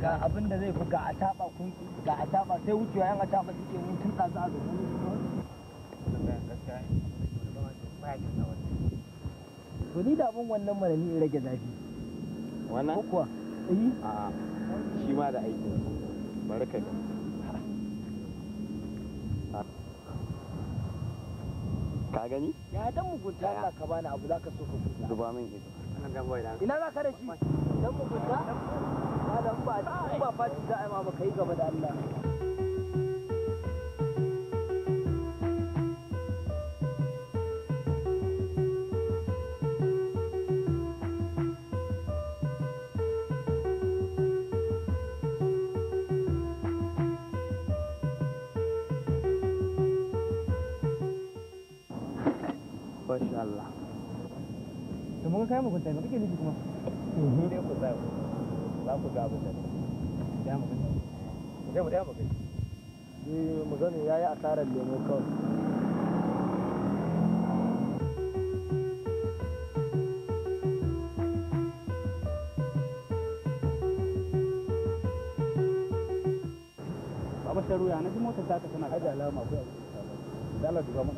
ga abin da zai fi ga a taba kun ga a taba sai wucewa yan a taba suke mun tun da a zo to ni da abin wannan mana ni rage zafi wannan kuwa eh a shi ma da aikin barka da ka gani ya dan mugunta Allah ka bani abu zaka so ka zuba min ido ina za ka da shi dan mugunta malam ba ba fadi za a yi ma baka yi gaba da Allah Masha Allah. Da muka kai mugunta me kake nufi kuma? mu ga abin da ne mu je mu je mu gani ni mu gani yayi asarar lemo kawai ta ruya na ji motar ta tana da alama akwai abu da Allah duba mun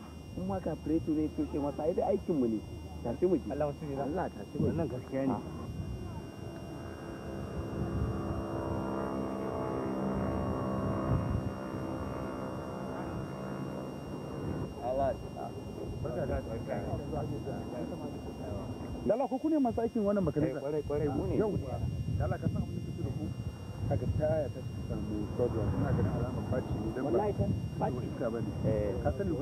in ma ka fure ne to ce masa ai da aikin mu ne tafi mu ji Allah wasu ne Allah tashi mu wannan gaskiya ne ah. Dala ko ku ne masu aikin wannan makarantar? Eh, kwarai kwarai mu ne. Yau. Dala ka samu kaga ta aya ta samu problem ina ganin alamar faci idan ba wallahi ta faci ne eh. ka sani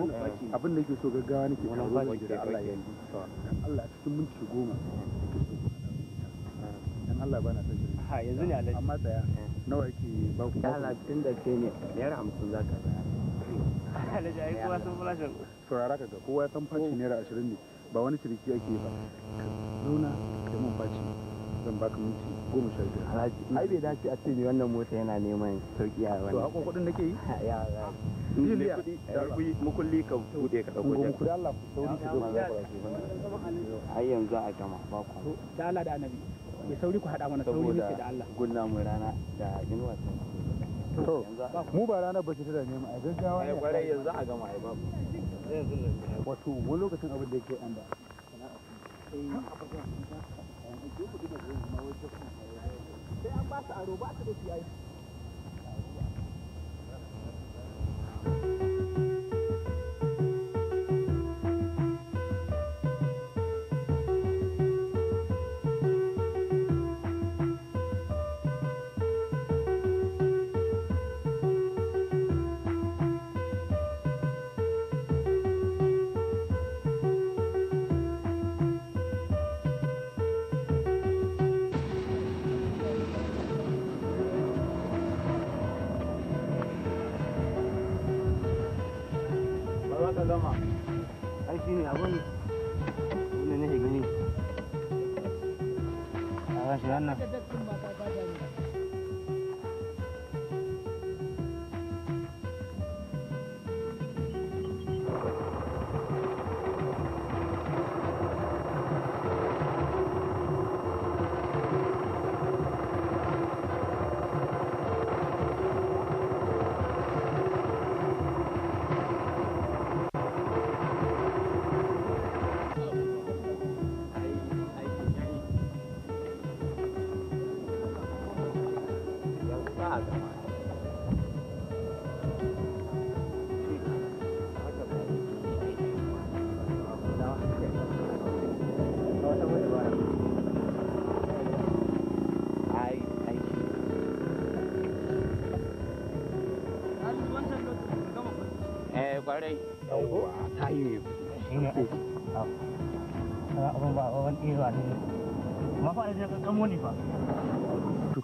abin da yake so gaggawa nake Allah ya yi Allah cikin minti goma dan Allah bana ha yanzu ne Allah amma tsaya eh. nawa yake ba ku da ke ne naira 50 zaka Alhaji ai kowa sun flashin saurara kaga kowa ya san faci naira 20 ne ba wani ciniki ake ba nuna da mun faci zan baka minti goma sha biyar haraji ai bai dace a ce wannan mota yana neman sauki a to kudin yi ya ya da mukulli ka bude ka dauko kudi Allah ku sauri ku zo ai yanzu a gama ba ku da Allah da annabi ya sauri ku hada mana sauri muke da Allah gunna mu rana da to mu ba rana ba ce ta a gaggawa kwarai yanzu a gama ai ba wato lokacin abin da yake sai an ba su aro ba su da su yayi za ka gama ai shi ne abin wanda nake gani a gashi wannan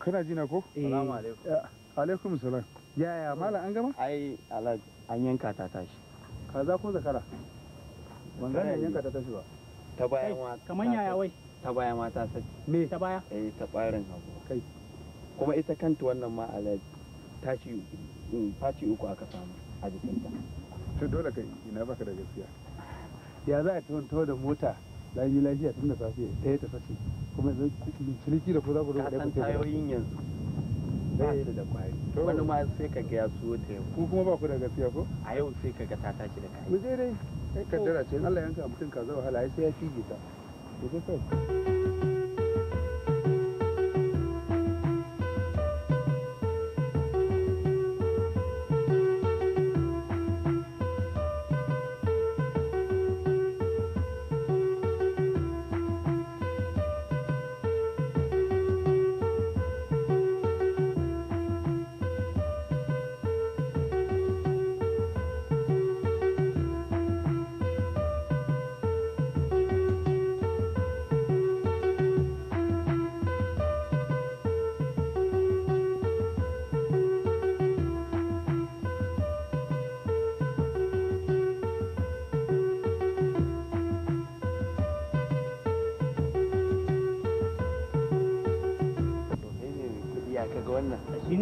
kana jina ko eh. salamu alaikum alaikum salam ya malam an gama ai alhaji an yanka ta tashi kaza ko zakara ban gane yanka ta tashi ba ta baya ma kaman yaya wai ta baya ma ta sace me ta baya eh ta barin hagu kai kuma ita kanta wannan ma alhaji tashi faci mm, uku aka samu a jikinta to dole kai ina baka da gaskiya ya za a tunto da mota lami lafiya tun da safe ɗaya ta sace kuma yanzu ciniki da ku za ku zo ɗaya ku ce tayoyin yanzu ba su da kwari wani ma sai ka ga ya so ta yau ku kuma ba ku da gaskiya ko a yau sai ka ga ta tashi da kai mu je dai kai kaddara ce in Allah yanka mutum ka zo wahala sai ya fige ta to sai kai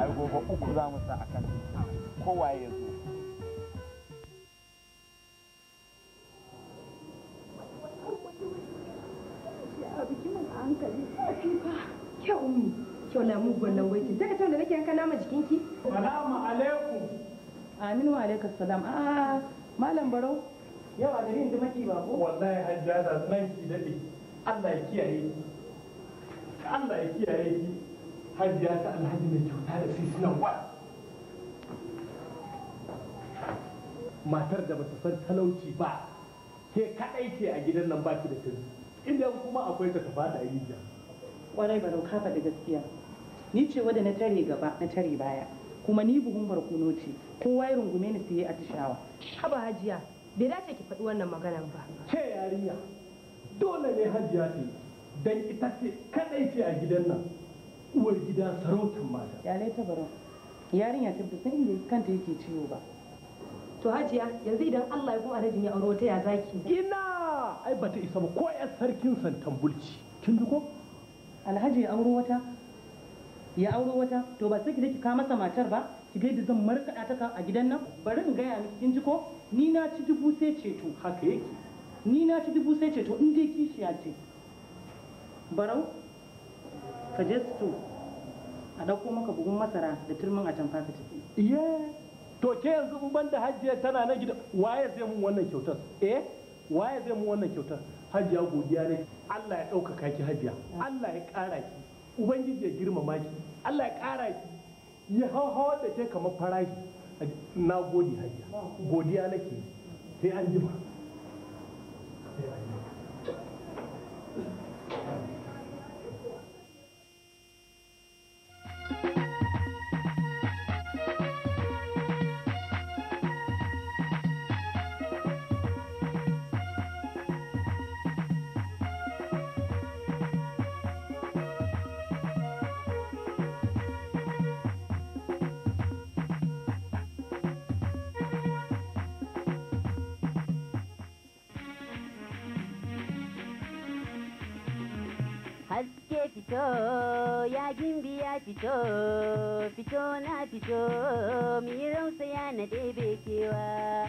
ai gobe uku za mu sa a kan kowaye ya zo kyau mu kyau na mugun nan waitin daga tun da nake yanka nama jikinki salamu alaikum amin wa alaikum salam a ah, malam barau yau a garin da maki ba ko wallahi hajjata nan ki dade Allah ya kiyaye ki Allah ya kiyaye ki hajiya ta alhaji mai kyauta da sisinan wa matar da bata san talauci ba ke kadai ce a gidan nan baki da tun idan kuma akwai ta tafa da rijiya kwarai ba dauka faɗi gaskiya ni ce wadda na tare gaba na tare baya kuma ni buhun barkuno ce kowa ya rungume ni su yi atishawa haba hajiya bai dace ki faɗi wannan maganar ba ce yarinya dole ne hajiya ce dan ita ce kadai ce a gidan nan uwar gida sarautar mata Ya laita baron, yarinya ta sai inda kanta yake ciwo ba to hajiya yanzu idan Allah ya kuma alhajin ya auro wata ya zaki ina ai bata isa ba ko yar sarkin santan bulci kin duko? alhaji ya auro wata ya auro wata to ba sai ki ki kama masa matar ba ki ga yadda zan markaɗa ta a gidan nan bari in gaya miki kin ji ko ni na ci dubu sai ceto haka yake ni na ci dubu sai ceto in dai kishiya ce barau ka je su a ɗauko maka bugun masara da turmin a can ka tafi iye to ke yanzu ban da hajjiya tana na gida waye zai mun wannan kyautar eh waye zai mun wannan kyautar hajjiya godiya ne Allah ya ɗaukaka ki hajjiya Allah ya ƙara ki ubangiji ya girmama ki Allah ya ƙara ki ya hauhawa da ke kamar farashi na gode hajjiya godiya nake sai an jima sai an jima thank you ke fito ya gimbi ya fito fito na fito mi rausa ya na ɗebe kewa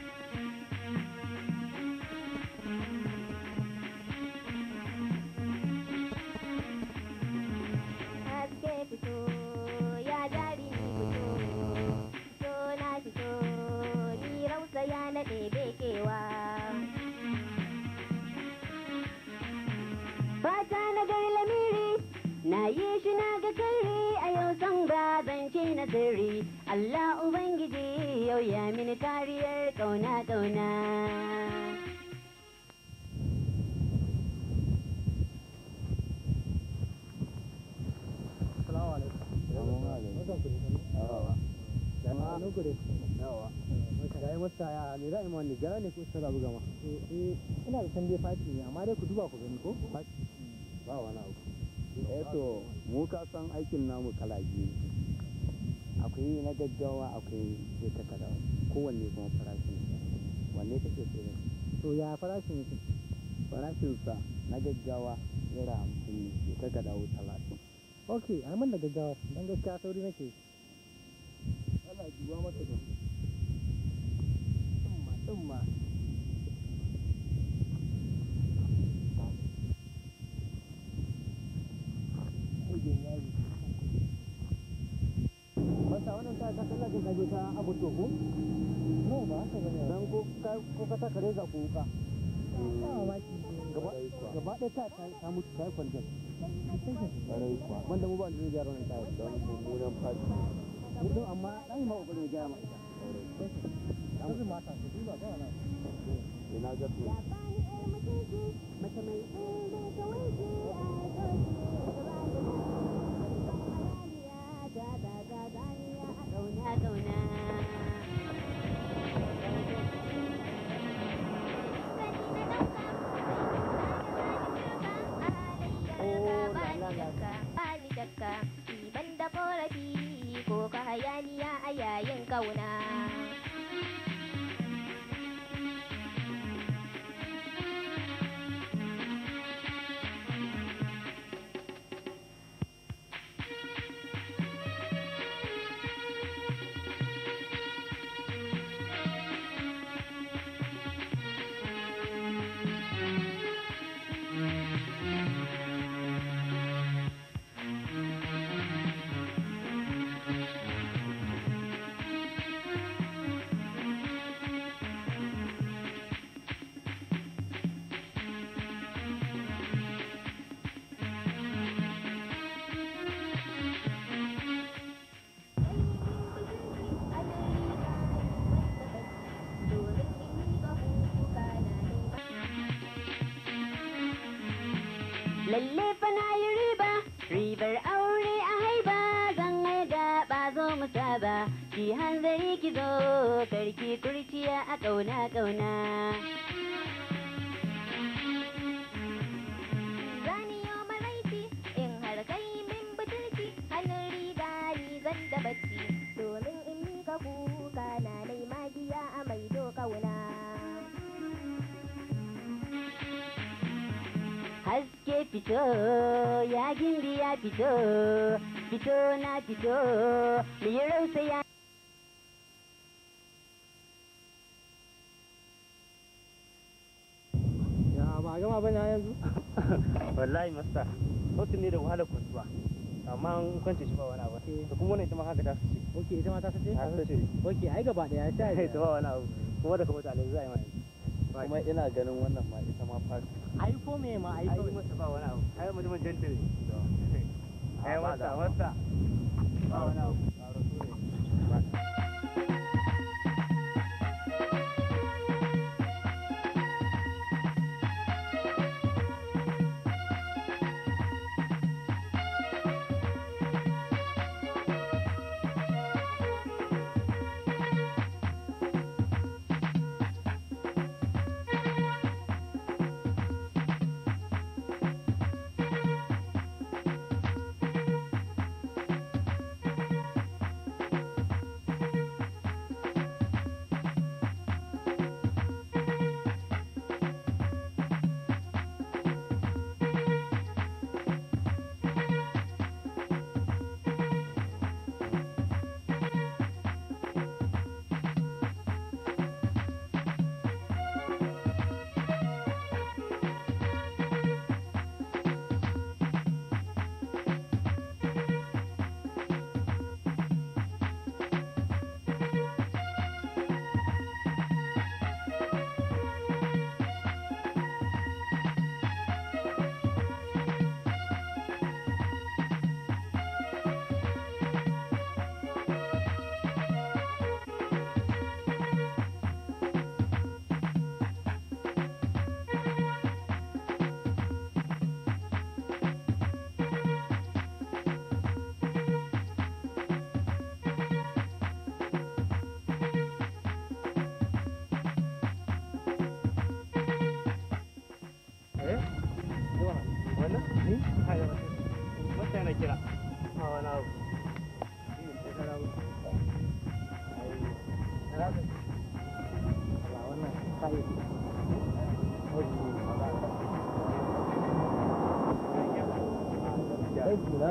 ne ta ke so to ya farashin yake farashin sa na gaggawa naira hamsin ne kai kaga dawo talatin ok a da gaggawa don gaskiya sauri nake ana duba mata da tsumma tsumma Masa wannan ta ta kallon ta abu to ko? don ko ka saka reza ko wuka gaba ɗaya ta ta mutu ta yi kwandon wanda mu ba da gyara wani yi don mummunan fati mutum amma ɗan yi ya gyara mata yanzu mata su duba ba na ina ga su mace mai ɗaya ga wanki a lalle fa na yi riba ribar aure a haiba zan ga ba zo mu saba ki hanzari ki zo karki kurciya a kauna kauna fito ya gindi ya fito fito na fito mai rausa ya Ya ba gama na yanzu wallahi masta sautin ne da wahala kwantuwa amma an kwance shi ba wani abu to eh. kuma wannan ita ma haka ta sace Ok, ita ma ta sace ta sace Ok, ai gaba daya ta ta ba wani abu kuma da kuma ta alai za a yi mai kuma ina ganin wannan ma ita ma fara ai ko me ma ai kawai masa ba wani abu mutumin jantare ai ba wani abu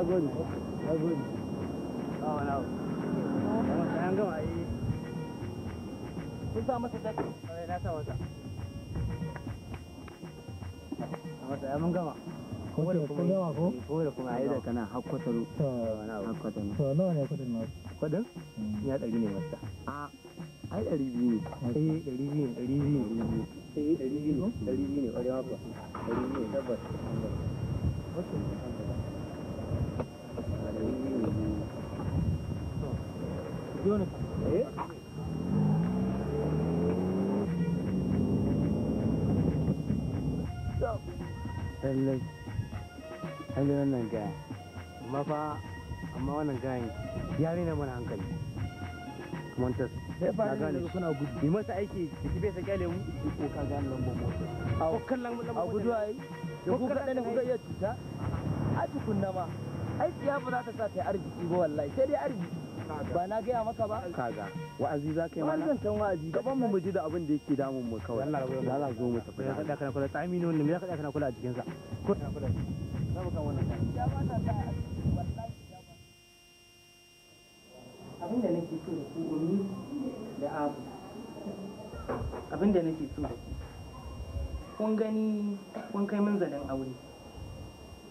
gode na gode ba wani abu an gama yi kun sa masa jacket kwarai na sa masa a masa ya mun gama kowa da kuma yi kowa da kuma a yi da kana hakkwataro hakkwataro to nawa ne kudin nasu kudin ya ɗari ne masa a ai ɗari biyu ne eh ɗari biyu ne ɗari biyu ne ɗari biyu ne ɗari biyu ne ɗari biyu ne ɗari biyu ne tabbas wani eh? lallai lallai wannan gaya amma fa amma wannan mana hankali sai ba eh, gane kuna gudu masa aiki ki tibe sa kyale mu ko ka gane lambar mota ko kallon lambar mota a gudu ai da ku kaɗai ne ku iya cuta a tukunna ma ai tsiya ba za ta sa ta yi arziki ba wallahi sai dai arziki ba na gaya maka ba kaga wa'azi za ka yi mana wancan wa'azi gaban mu muji da abin da yake damun mu kawai Allah ya zo mu tafi ya kada kana kula tsami ne wanda me ya kada kana kula a jikin sa ko kana kula za mu kan wannan ya ba ta wallahi abin da nake so da ku ummi da abu abin da nake so da ku kun gani kun kai min zanen aure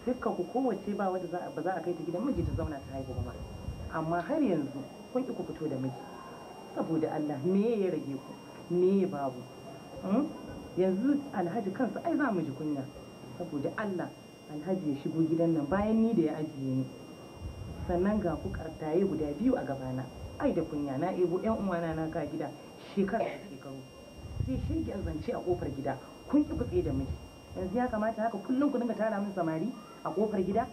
dukkan ku kowace ba wadda ba za a kai ta gidan miji ta zauna ta haihu ba amma har yanzu kun ku fito da miji saboda Allah me ya rage ku me babu hmm? yanzu alhaji kansa ai za mu ji kunya saboda Allah alhaji ya shigo gidan nan bayan ni da ya ajiye ni sannan ga ku kartaye guda biyu a gabana ai da kunya na ebo yan uwana na ka gida shekara da shekaru sai shirgin zance a kofar gida kun ki kutse da miji yanzu ya kamata haka kullum ku dinga tara min samari a kofar gida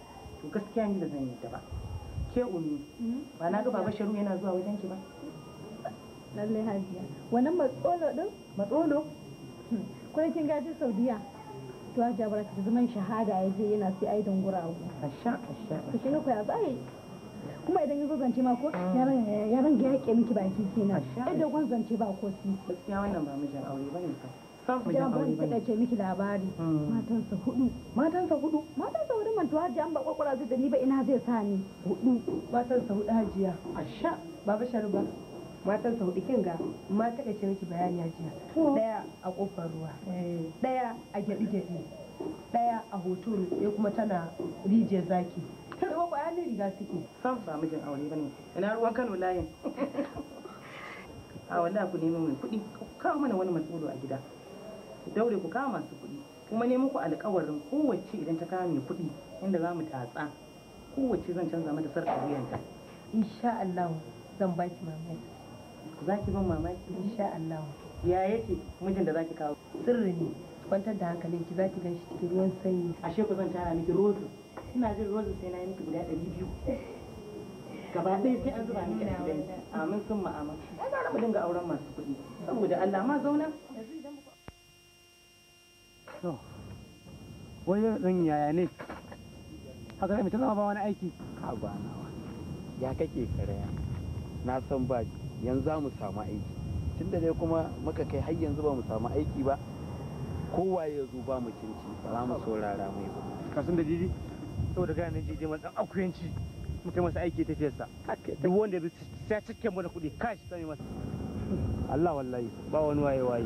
to gaskiya ni da zan yi ta ba ke umi ba na ga baba sharu yana zuwa wajen ki ba lalle hajiya wannan matsolo din matsolo hmm. kuna kin gaji saudiya to a jabara ki zaman shahada ya je yana sai aidan guragu asha asha shi ne ko ya bai kuma idan yazo zance ma ko ah. ya ran ga yake miki baki kenan asha idan kun zance ba ko si gaskiya wannan ba mijin aure bane fa sam wajen aure bane da ce miki labari hmm. matansa hudu matansa hudu matansa hudu man tuwa an ba kwakwara zai da ni ba ina zai sa ni hudu matansa hudu hajiya asha baba sharuba matansa sau kin ga ma ta ce miki bayani hajiya daya a kofar ruwa daya eh. a gyaɗi gyaɗi daya a hoto ya kuma tana rijiyar zaki ta zama bayanin riga suke sam ba mijin aure ba ne. ina ruwan Kano layin a wallahi ku nemo mai kuɗi kawo mana wani matsolo a gida ku daure ku kama masu kuɗi kuma ne muku alƙawarin kowace idan ta kame kuɗi inda za mu tatsa kowace zan canza mata sarƙa wuyanta insha Allah zan baki mamaki za ki ban mamaki insha Allah ya yake mijin da zaki kawo sirri ne kwantar da hankalin ki zaki ganshi cikin ruwan sanyi ashe ku zan tara miki rozu ina jin rozu sai na yi miki guda ɗari biyu gaba ɗaya sai an zuba miki a gidan amin sun ma'amin ai gara mu dinga auren masu kuɗi saboda Allah ma zauna to wai zan yaya ne haka zai mutum ba wani aiki a ba nawa ya kake karaya na san ba yanzu za mu samu aiki tunda dai kuma muka kai har yanzu ba mu samu aiki ba kowa ya zo ba mu cinci ba za mu saurara mai ba kasan da jiji saboda gane na jiji mai dan akuyanci muka masa aiki ta fiyarsa duk wanda ya cike mu da kuɗi kashi sami masa Allah wallahi ba wani waye waye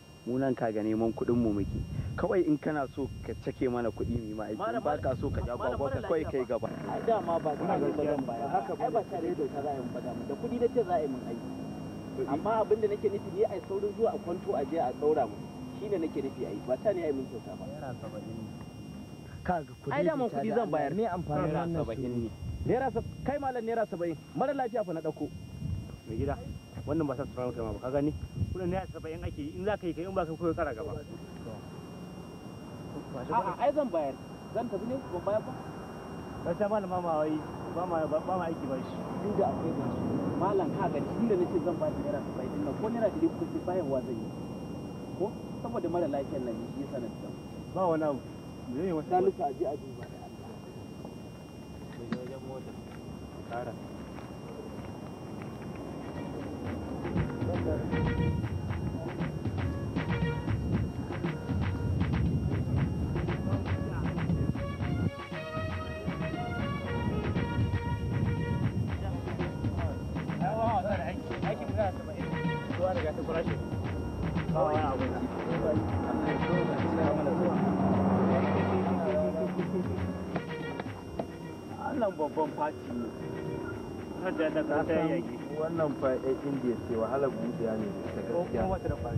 mu nan ka ga neman kuɗin mu muke kawai in kana so ka cake mana kuɗi mu ma aiki ba ka so ka ja gwagwa ka kai kai gaba a ma ba ka ga bazan baya haka ba ba tare da za ta ra'ayin ba da kuɗi da ce za a yi mun aiki amma abin da nake nufi ne a saurin zuwa a kwanto a je a tsaura mu shine nake nufi aiki ba ta ne ai mun kyauta ba ka ga kuɗi ai da mun kuɗi zan bayar ne amfani wannan ne naira kai malam naira 70 mara lafiya fa na ɗauko mai gida wannan ba sa su ranar ma ba ka gani kuna ne a saba'in ake in za ka yi kai in ba ka koyo kara gaba a'a ai zan bayar zan tafi ne ban bayar ba sai malama ma wai ba ma ba ma aiki ba shi duk da akwai ba shi malam ka gani inda nake zan ba shi naira saba'in din nan ko naira ɗari kuka bayan wa zan yi ko saboda mara lafiyar nan shi yasa na ba wani abu me ne wata luka aje a ba da Allah wajen mota kara babban faci ne har da daga ta yaki wannan fa'in indiya ce wahala ya ne da gaskiya da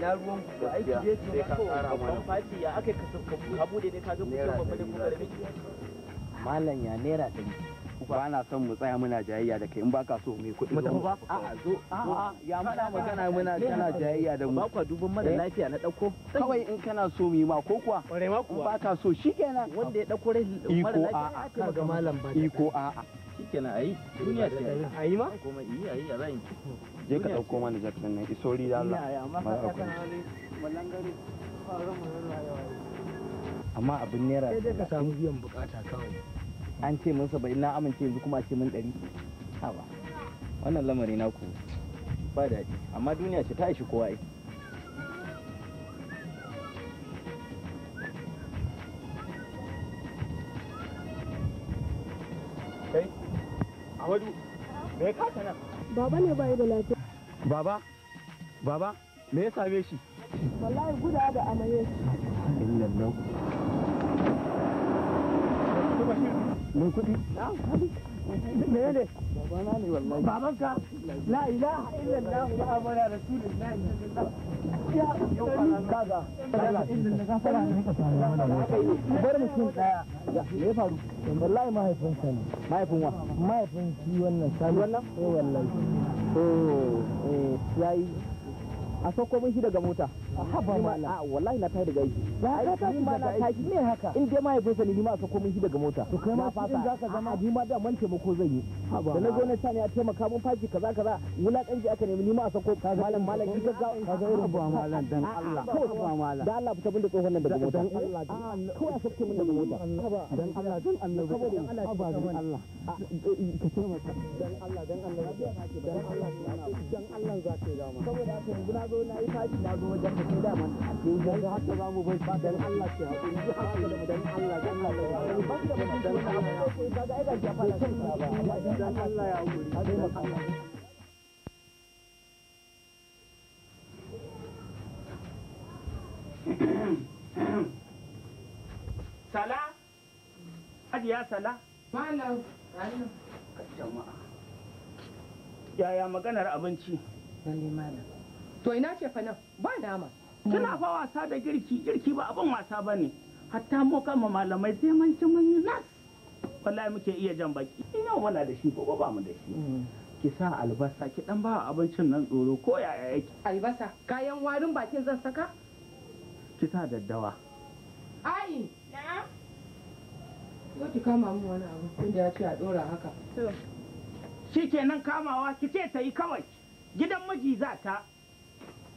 na ruwan ku aiki zai ce fati ya aka kasu ka bude ne ka ga mutum babban da kuma da malam ya naira ɗari ba na son mu tsaya muna jayayya da kai in baka so mai kuɗi mu ba a zo ya muna magana muna kana jayayya da mu ba kwa duban mara eh? lafiya na dauko kawai in kana so mu yi ma ko kuwa in baka so shikenan wanda ya rai mara lafiya iko a iko a'a. shikenan ayi duniya ce ayi ma komai yi ayi a zan je ka dauko mana jakin nan isori da Allah amma abin naira sai dai ka samu biyan bukata kawai an ce mun saba'in na amince yanzu kuma a ce mun ɗari haba wannan lamari naku ba daɗi amma duniya ce ta ishi kowa aiki Ahmadu, me nan? Baba ne bai da lafiya. Baba, baba, me ya same shi? Wallahi guda da amaye shi. Illallah. kuɗi? Na, menene babana faru wallahi mahaifin wa mahaifin wannan a sauko mun shi daga mota haba mala wallahi na tayi daga aiki ba ka tashi daga aiki me haka in dai mahaifinsa ni ma a sako shi daga mota to kai ma fasa in zaka zama ni ma da man taimako zan yi da na zo na sani a taimaka mun faki kaza kaza wulakanci aka nemi ni ma a sako malam malam ki gaggawa ka ga irin ba malam dan Allah ko ba malam dan Allah fita bin da tsohon nan daga mota dan Allah ko a sako mun daga mota dan Allah dan Allah dan Allah dan Allah ka taimaka dan Allah dan Allah dan Allah dan Allah za yi dama saboda haka yanzu na zo na yi na zo wajen sala da ya sala malam jama'a yaya maganar abinci malam to ina ce fa nan ba dama kina hmm. fa wasa da girki girki ba abin wasa ba ne hatta mu kama malamai sai mun ci mun yi nas wallahi muke iya jan baki yau muna da shi ko ba mu da shi hmm. ki sa albasa ki dan ba abincin nan tsoro ko yaya yake albasa kayan warin bakin zan saka ki sa daddawa ai na'am yau ki kama mu wani abu tunda ya ce a dora haka to shikenan kamawa ki ce ta yi kawai gidan miji za ta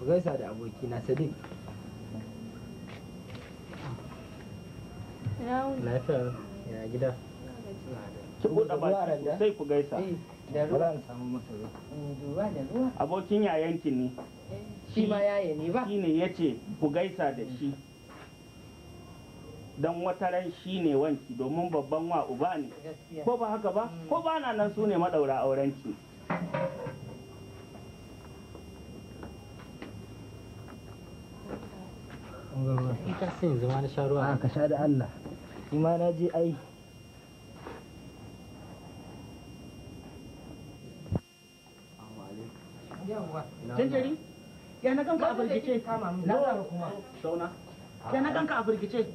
ku gaisa da aboki abokina Sadiq. Lafiya ya gida. Ki buɗe baki sai ku gaisa. Eh, da ruwa in samu masa ruwa. Eh, da ruwa. Abokin yayanki ne. Eh, shi ma yaye ne ba. Shi ne ya ce ku gaisa da shi. Mm. Dan wata ran shi ne wanki domin babban wa uba ne. Ko ba haka ba? Mm. Ko ba na nan su ne maɗaura aurenki. in ka sha da Allah a a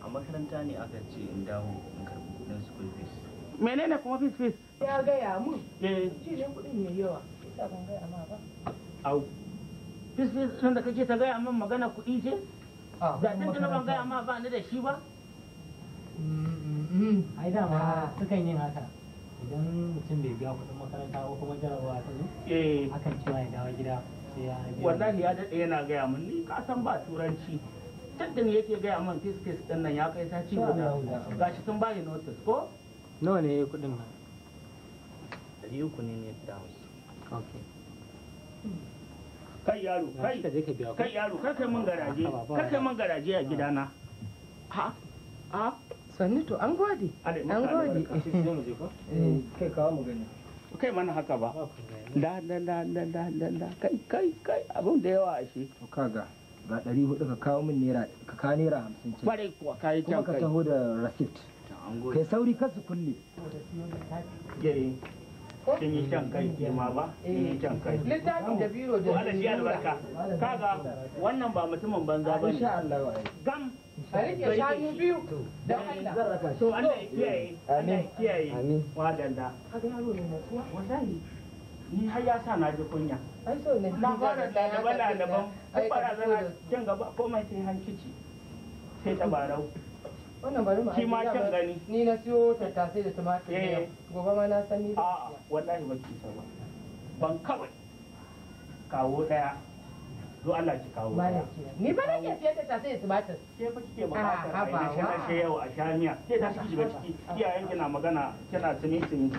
makaranta ne in in Menene kuma fis-fis? Ya gaya mun. Eh. Shi ne kudin mai yawa. Isa ban gaya ma ba. Au. Fees fees ɗin da kake ta gaya min magana kuɗi ce? zancen ban gaya ma ba ni da shi ba ai dama sukan yin haka idan mutum bai biya makaranta ko kuma jarabawa ta akan cewa ya dawo gida wallahi ya daɗe yana gaya min ni ka san ba turanci Tattun yake gaya min fis fis ɗin nan ya kai saci guda gashi sun bani notice ko nawa ne yayi kuɗin nan ɗari uku ne ne da wasu kai yaro kai kai yaro kai kai mun garaje kai kai mun garaje a gidana ha ha sanni to an gode an gode eh. kai kawo mu gani kai mana haka ba da da da da da da da kai kai kai abin da yawa ashe to kaga ga ɗari hudu ka kawo min naira ka kawo naira hamsin ce kwarai kuwa kayi can kai kuma ka taho da rasit. kai sauri kasu kulle kin yi shan kai ke ma ba kin yi shan eh, kai littafi da biro da Allah shi albarka kaga wannan ba mutumin banza ba ne insha Allah gam a rike shanu biyu da Allah to Allah ya kiyaye Allah ya kiyaye wadanda kaga yaro ne mutuwa wallahi ni har ya sa na ji kunya na fara da lalaba lalaban ko barazana jan gaba komai sai hankici sai tabarau wannan bari mu ma kin gani ni na siyo tattasai da tumatir eh. gobe ma na san ni a wallahi ba ki san ba ban kawai kawo daya do Allah ki kawo daya ni ba nake siyo tattasai da tumatir ke fa kike a ah, nashe Iyayenki yau a shamiya ke ta ciki iyayen kina magana kina tuni tuni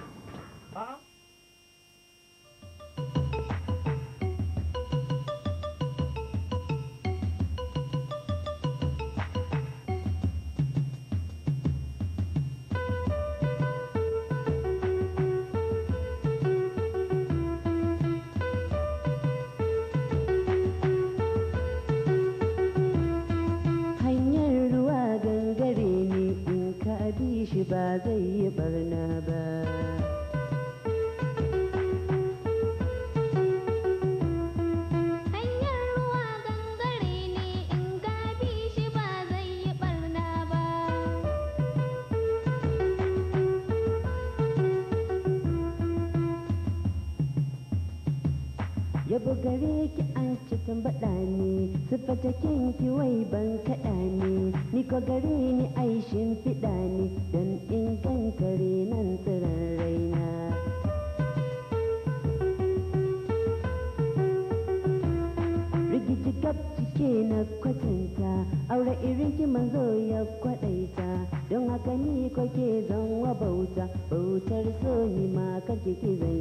gare ki an cikin baɗa ne sufata kinki wai ban kaɗa ne ni ko gare ni aishin fiɗa ne don in nan tsirar raina rigiji gab cike na kwatanta aure irin ki manzo ya kwaɗaita don haka ni ko ke zan wa bauta bautar so ni ma kake ki zan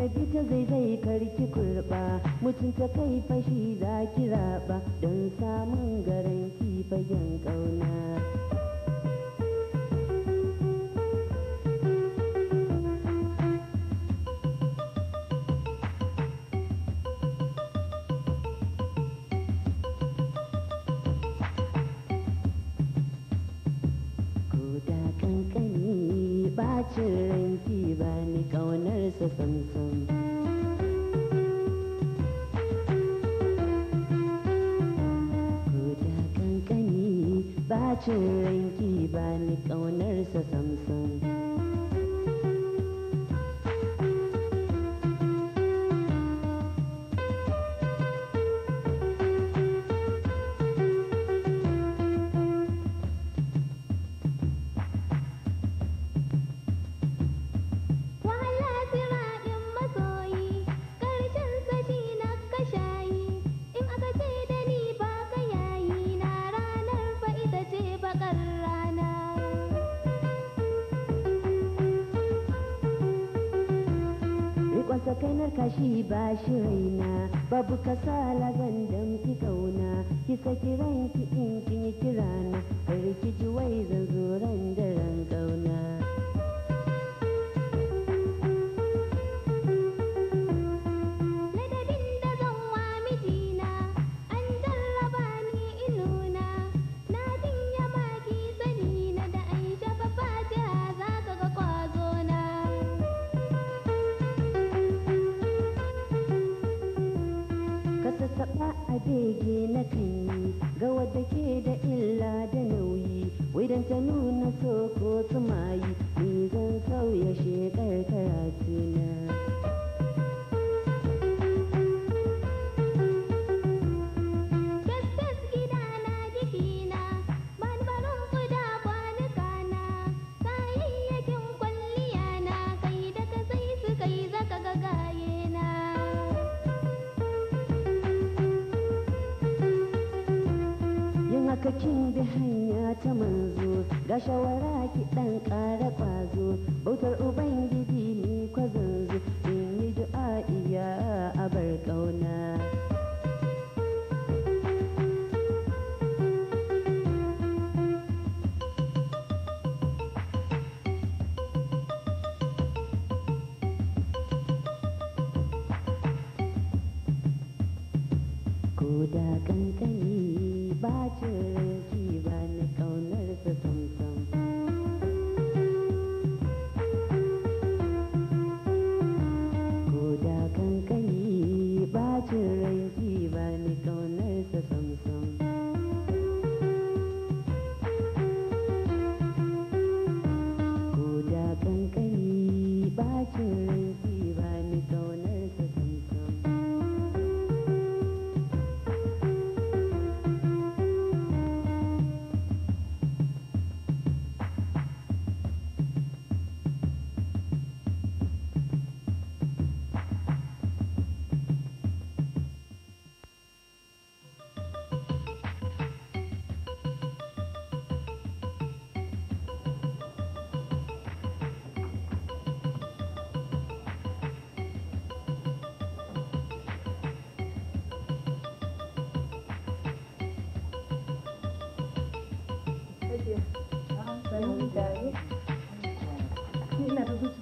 na ji zai zai karki kurba mutunta kai fashi za ki raba don samun garanti fagen ƙauna. shi raina babu kasala zan damki kauna ki bege na kan yi ga wadda ke da illa da nauyi don ta nuna so ko tsumayi ni zan sauya shekar na.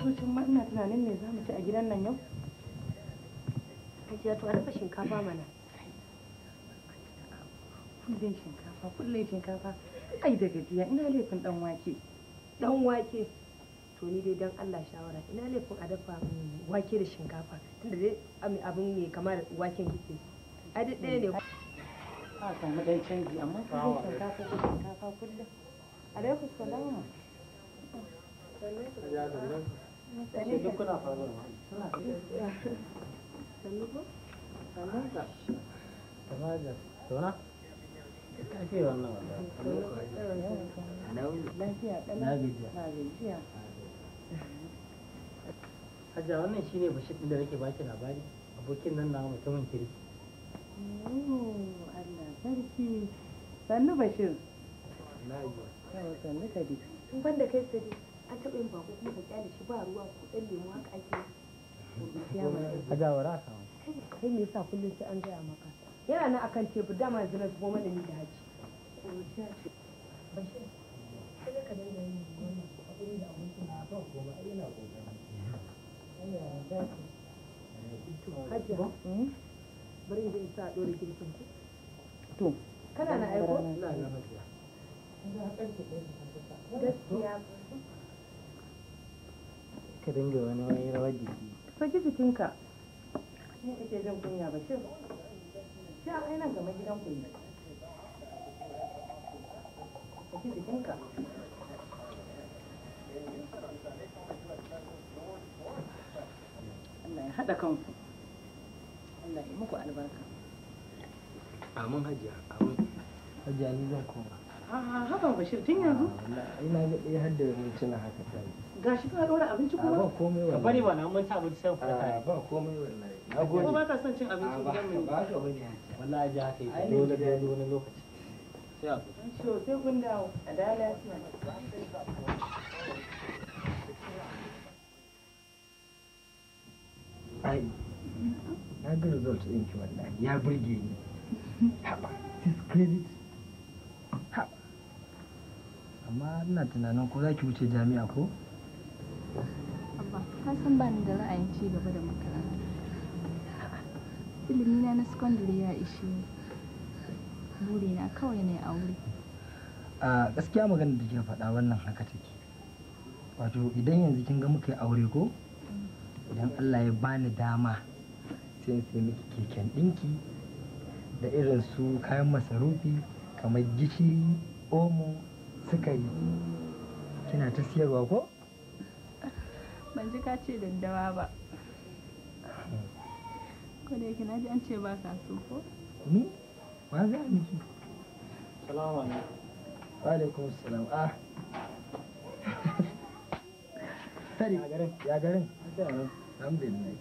abincin ma ina tunanin me za mu ci a gidan nan yau hajiya to a dafa shinkafa mana kullum shinkafa kullum shinkafa ai da gajiya ina laifin dan wake dan wake to ni dai dan Allah shawara ina laifin a dafa wake da shinkafa tunda dai abin kama da waken kike duk ɗaya ne a samu canji amma shinkafa da shinkafa kullum alaikum Sannu kuna Hajja wannan shi ne bashi da nake baki labari abokin nan na mutumin kirki. Allah sarki. Sannu Sannu kai an taɓa yin bako kuma ka kyale shi ba ruwa ko ɗan lemu haka ake a jawara ka kai me yasa kullum sai an gaya maka yana nan akan tebur dama yanzu na zubo mana ni da haji hmm? bari in girkin to kana na aiko gaskiya ka dinga wani wani rawar jiki saki jikinka ne ake jin kunya ba shi shi a ainihin gama gidan kunya saki jikinka Allah ya haɗa kanku Allah ya muku albarka amin hajiya amin hajiya ni zan koma Haba Bashir tun yanzu? Ina ta Gashi ka ɗora abinci kuma? wallahi. Ka bari ba na mun ci abinci sai Ba komai wallahi. Na gode. Kuma ba ka son cin abinci da wani lokaci. Sai a Sai kun dawo. da Ai, na ga result ya burge ni. Haba, credit amma ina tunanin ko za ki wuce jami'a ko? Abba, san ba ni da ra'ayin ci gaba da makaranta. Ilimina na secondary ya ishe buri Burina kawai ne aure. A gaskiya magana da kika faɗa wannan haka take. Wato idan yanzu kin ga muka yi aure ko? Idan Allah ya bani dama sai in sai miki keken ɗinki da irin su kayan masarufi kamar gishiri, omo, suka yi kina ta siyarwa ko? ban ji ka ce daddawa ba ko da yake naji an ce ba ka so ko? ni ba za mu miki salamu alaikum wa alaikum salam ah tari ya garin ya garin alhamdulillah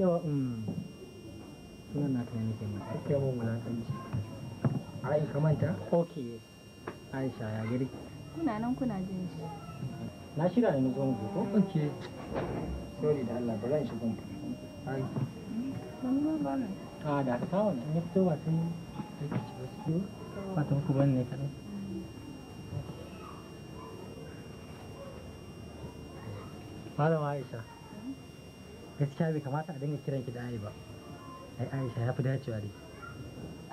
yawa um sunan na kai ne ke mata kai mun wulakanci Ai ka manta? Ok. Aisha ya gari. Kuna nan kuna jin shi. Na shirya ne zuwan ko? Ok. Sorry da Allah ba zan shiga mu. Ai. Mun ba ba A da ta wani ne fito ba sai take ci wasu. Fatan ku bane kadan. Malam Aisha. Gaskiya bai kamata a dinga kiran ki da Ai ba. Ai Aisha ya fi dacewa dai.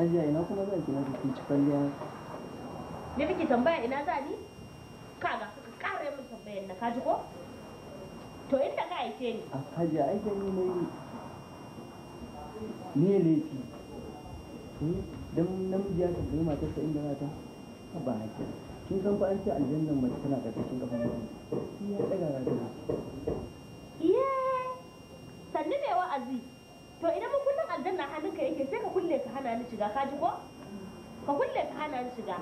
hajiya ina kuma zan kina da cikin liya Ni kike tambaya ina za ni kaga ka kare min tambayar na kaji ko to inda ka aike ni hajiya aike ni ne ne laifi hmm? dan namiji ya tambayi matarsa inda za ta ba hajiya kin san ba an ce aljannan mace tana karkashin kafan mutum ya daga rata iya sannu mai wa'azi to idan mun kullum aljanna hannunka yake sai ka kulle ka hana ni shiga ka ji ko ka kulle ka hana ni shiga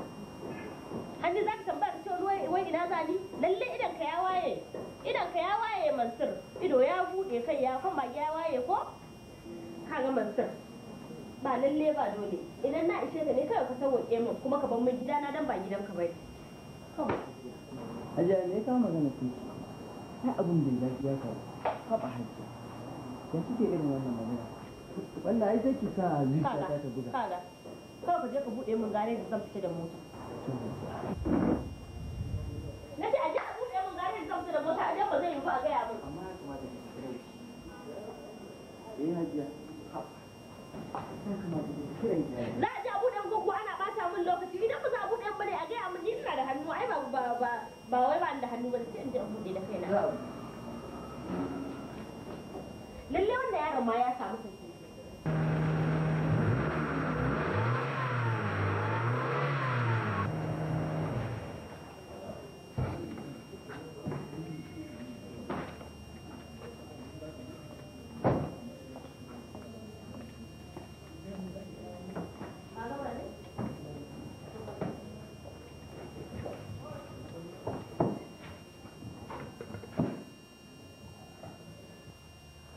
hannu za ka tambaya ka ce wai ina za ni lalle idan ka ya waye idan ka ya waye mansur ido ya buɗe kai ya kan baki ya waye ko ga mansur ba lalle ba dole idan na ishe ka ne kawai ka sauwaƙe min kuma ka bar min gidana dan ba gidan ka bai ajiya ne ka magana ce sai abin da ya ka haɓa hajji ya kike irin wannan magana wannan ai sai ki sa zuciya ta ta buga kaga kawai ka je ka bude mun gare da zan fita da mota na ce aje a bude mun gare da zan fita da mota aje ba zai yi ba a gaya ba amma ya kamata ki fita eh hajiya za a je abu buɗe gugu ana ɓata min lokaci idan ba za a buɗe ne a gaya min ina da hannu ai ba wai ba da hannu ba sai in ji in buɗe da kaina lallai wanda yaron ma ya samu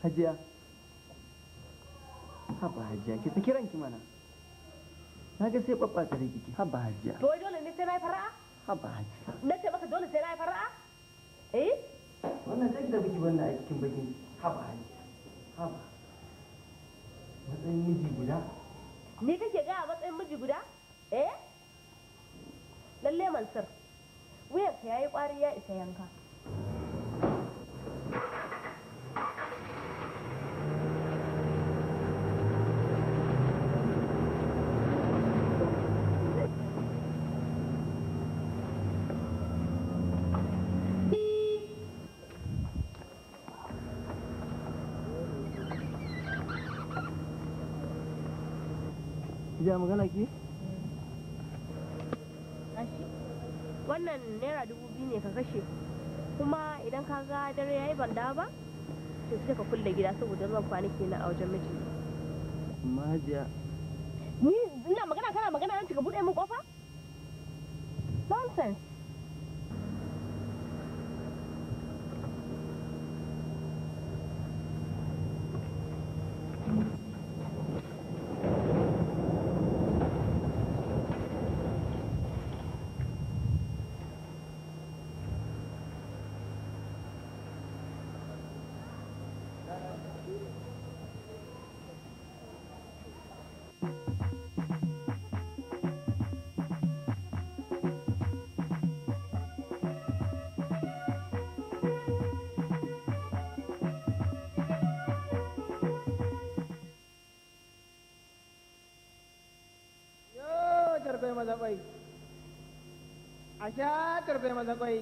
hajiya haba hajiya ki saki ranki mana na ga sai babba ta rikici haba hajiya to dole ne sai na fara'a haba hajiya na ce maka dole sai na fara'a eh wannan zai da biki wannan a cikin bakin haba hajiya haba matsayin miji guda ni kake ga a matsayin miji guda eh lalle mansur wuyarka yayi kwari ya isa yanka ya magana ke wannan naira dubu biyu ne ka kashe kuma idan ka ga dare ya yi banda ba to sai ka kulle gida saboda zan kwana na a wajen miji amma hajiya ni ina magana kana magana nan cika buɗe min kofa nonsense bai maza kwai a shatar bai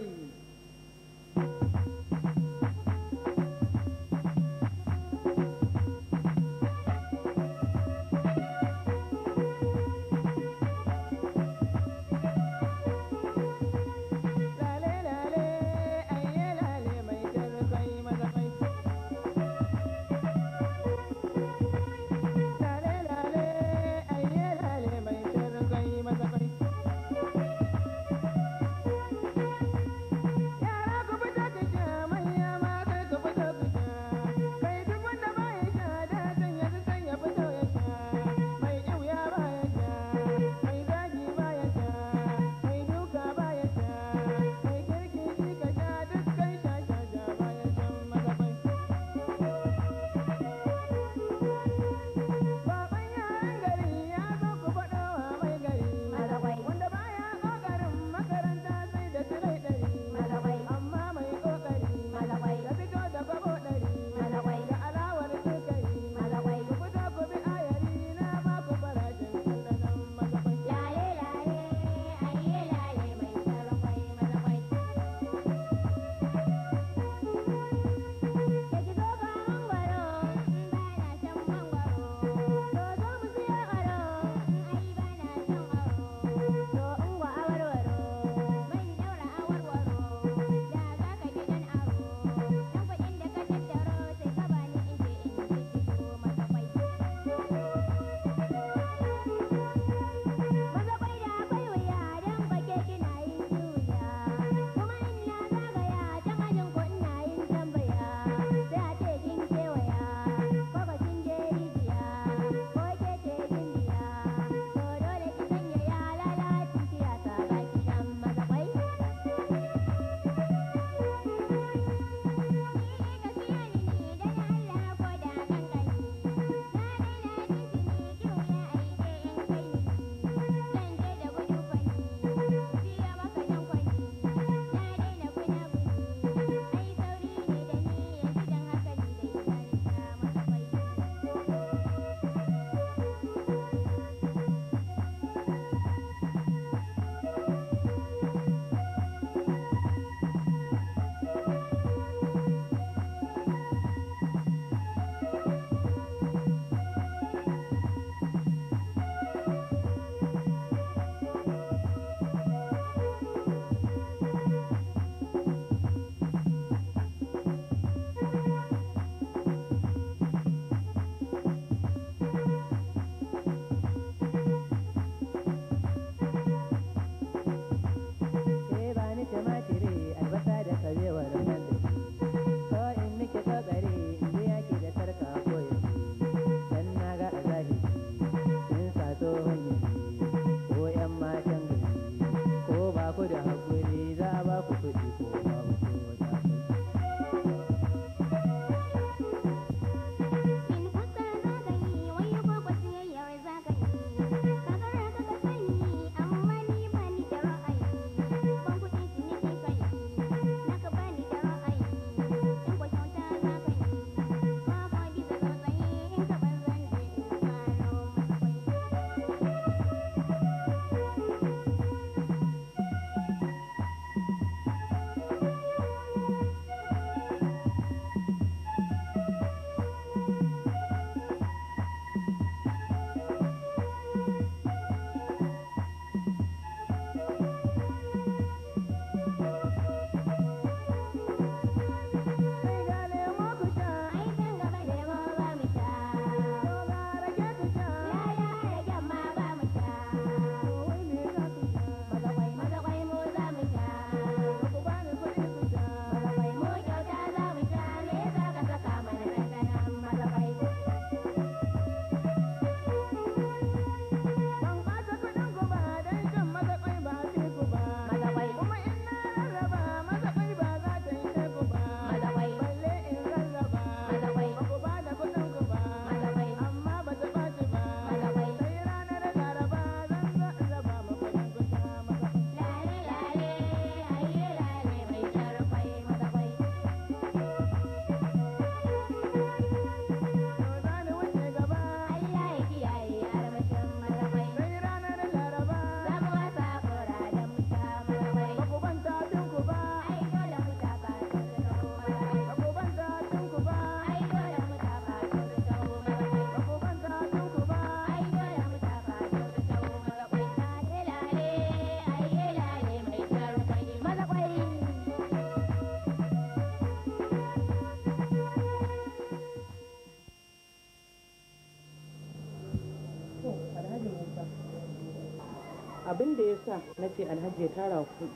abin da ya sa na ce alhaji tara ku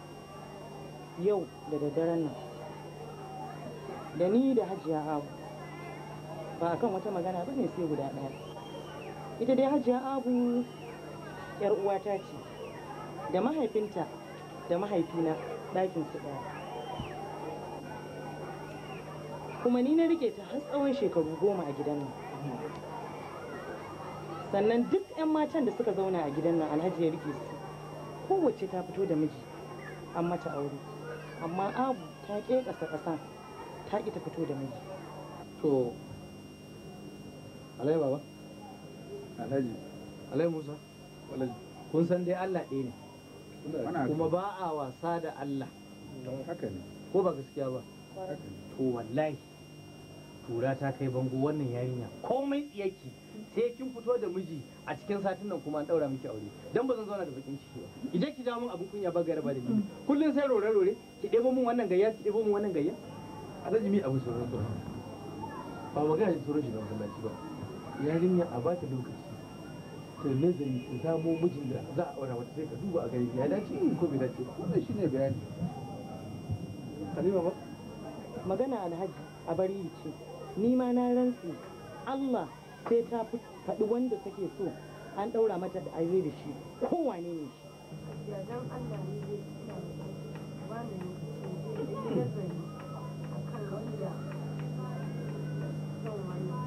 yau da daddaren nan da ni da hajiya abu ba a kan wata magana ba ne sai guda ɗaya ita dai hajiya abu yar uwata ce da mahaifinta da mahaifina ɗakin su ɗaya kuma ni na rike ta har tsawon shekaru goma a gidan nan sannan duk 'yan matan da suka zauna a gidan nan alhaji ya rike su kowace ta fito da miji an mata aure amma abu ta ke kasa-kasa ta ita ta fito da miji to alai baba alhaji alai musa alhaji kun san dai allah ɗaya ne kuma ba a wasa da allah haka ne ko ba gaskiya ba to wallahi tura ta kai bango wannan yarinya komai tsiyaki sai kin fito da miji a cikin satin nan kuma an daura miki aure dan ba zan zauna da bakin ciki ba idan ki ja mun abin kunya ba gara ba da ni kullun sai rore rore ki debo mun wannan gayya ki debo mun wannan gayya alhaji mi abu sai sauran ba magana da sauran shi da masallaci ba yarinya a bata lokaci to nazari ta samu mijin da za a aura wata sai ka duba a gari ya dace ko bai dace ba wannan shine bayani halima ba magana alhaji a bari ce ni ma na rantsi Allah sai ta faɗi wanda take so an ɗaura mata da aure da shi kowane ne shi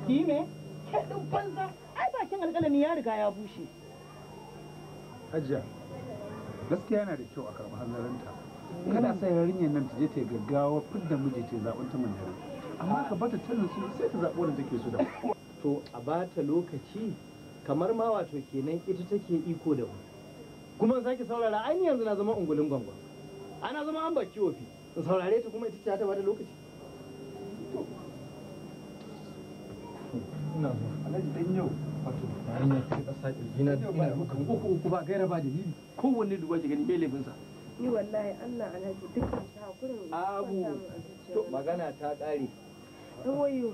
kime ke ɗin banza ai bakin alƙalami ya riga ya bushe ajiya gaskiya yana da kyau a karɓi hanzarinta kada sai yarinyar nan ta je ta gaggawa fidda miji ta zaɓin ta amma ka bata ta su sai ta zaɓi wanda take so da wato a bata lokaci kamar ma wato kenan ita take iko da mu kuma sake saurara ai yanzu na zama ungulin gwangwa ana zama an baki wofi in saurare ta kuma ita ce ta bada lokaci ina zuwa alhaji dan yau wato bayan ya ce kasa kirgina ina dukan uku uku ba gaira ba dalili kowanne duba ki gani me laifinsa ni wallahi Allah alhaji dukkan ta kurin abu to magana ta kare dan wayo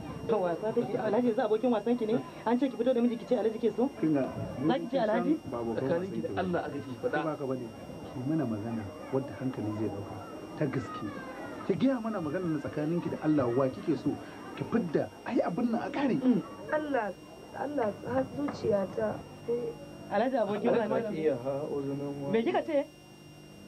to wasa take alhaji yanzu abokin wasan ki ne an ce ki fito da miji ki ce alhaji ke so Na ki ce alhaji tsakanin ki da Allah aka ce faɗa ba ka bane ki mana magana wanda hankali zai dauka ta gaske ki gaya mana magana na tsakanin ki da Allah wa kike so ki fidda ai abin nan a kare mm. Allah Allah har zuciyata eh. alhaji abokin wasan ki me kika ce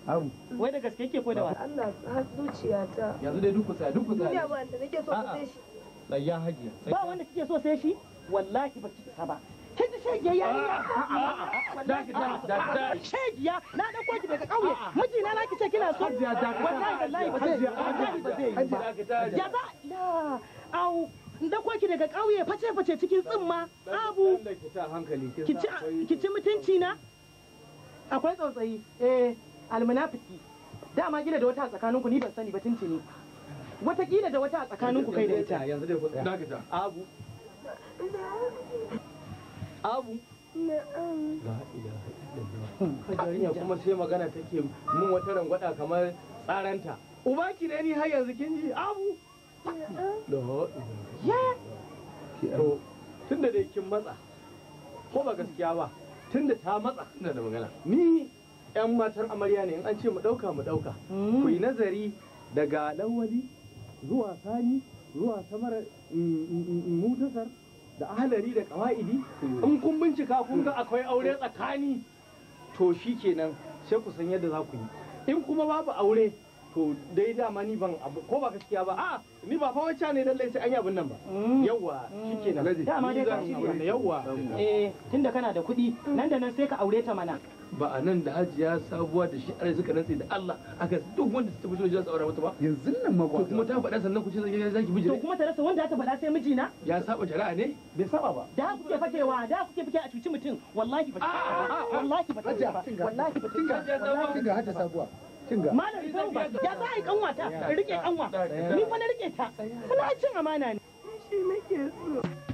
Abu. Wai da gaske ke ko da wa? Allah har zuciyata. Yanzu dai duk kusa duk kusa. Duniya ba da nake so ku sai shi. tsaya hajiya ba wanda kike so sai shi wallahi ba ki isa ba kin ji shegiya yarinya ah, ah, ah, shegiya na dauko ki daga kauye mijina na kice kina so wallahi wallahi ba zai wallahi ba zai yi ya za la au dauko ki daga kauye face face cikin tsimma abu ki ci mutunci na akwai tsautsayi eh almunafiki dama gina da wata tsakaninku ni ban sani ba tuntuni watakila da wata a tsakaninku kai da ita yanzu dai ku tsaya abu abu na'am la ilaha kuma sai magana take mun wata rangwada kamar tsaranta uba ki da ni har yanzu kin ji abu ya to tunda dai kin matsa ko ba gaskiya ba tunda ta matsa tunda da magana ni yan matar amarya ne in an ce mu dauka mu dauka mm. ku yi nazari daga lawali zuwa sani zuwa samar mm, mm, mm, mutasar da ahalari da kawa'idi hmm. in kun bincika kun ga akwai aure tsakani to shi kenan sai ku san yadda za ku yi in kuma babu aure to dai dama ni ban abu ko ba gaskiya ba a ni ba fa wacce ne lalle sai an yi abin nan ba mm. yawa mm. shikenan dama dai ka shi ne yawa eh tunda kana da kuɗi nan da nan sai ka aure ta mana ba a nan da hajiya sabuwa da shi a suka rantse da Allah aka duk wanda ta fito za su aure mata ba yanzu nan ma ko kuma ta faɗa sannan ku ce zaki miji to kuma ta rasa wanda ta faɗa sai miji na ya saba shari'a ne bai saba ba da kuke fakewa da kuke fike a cuci mutum wallahi ba ah, ah, ah. wallahi ba wallahi ba wallahi hajiya sabuwa malam zan ba ya za a yi kanwa ta rike kanwa ni fa na rike ta kuma cin amana ne shi nake so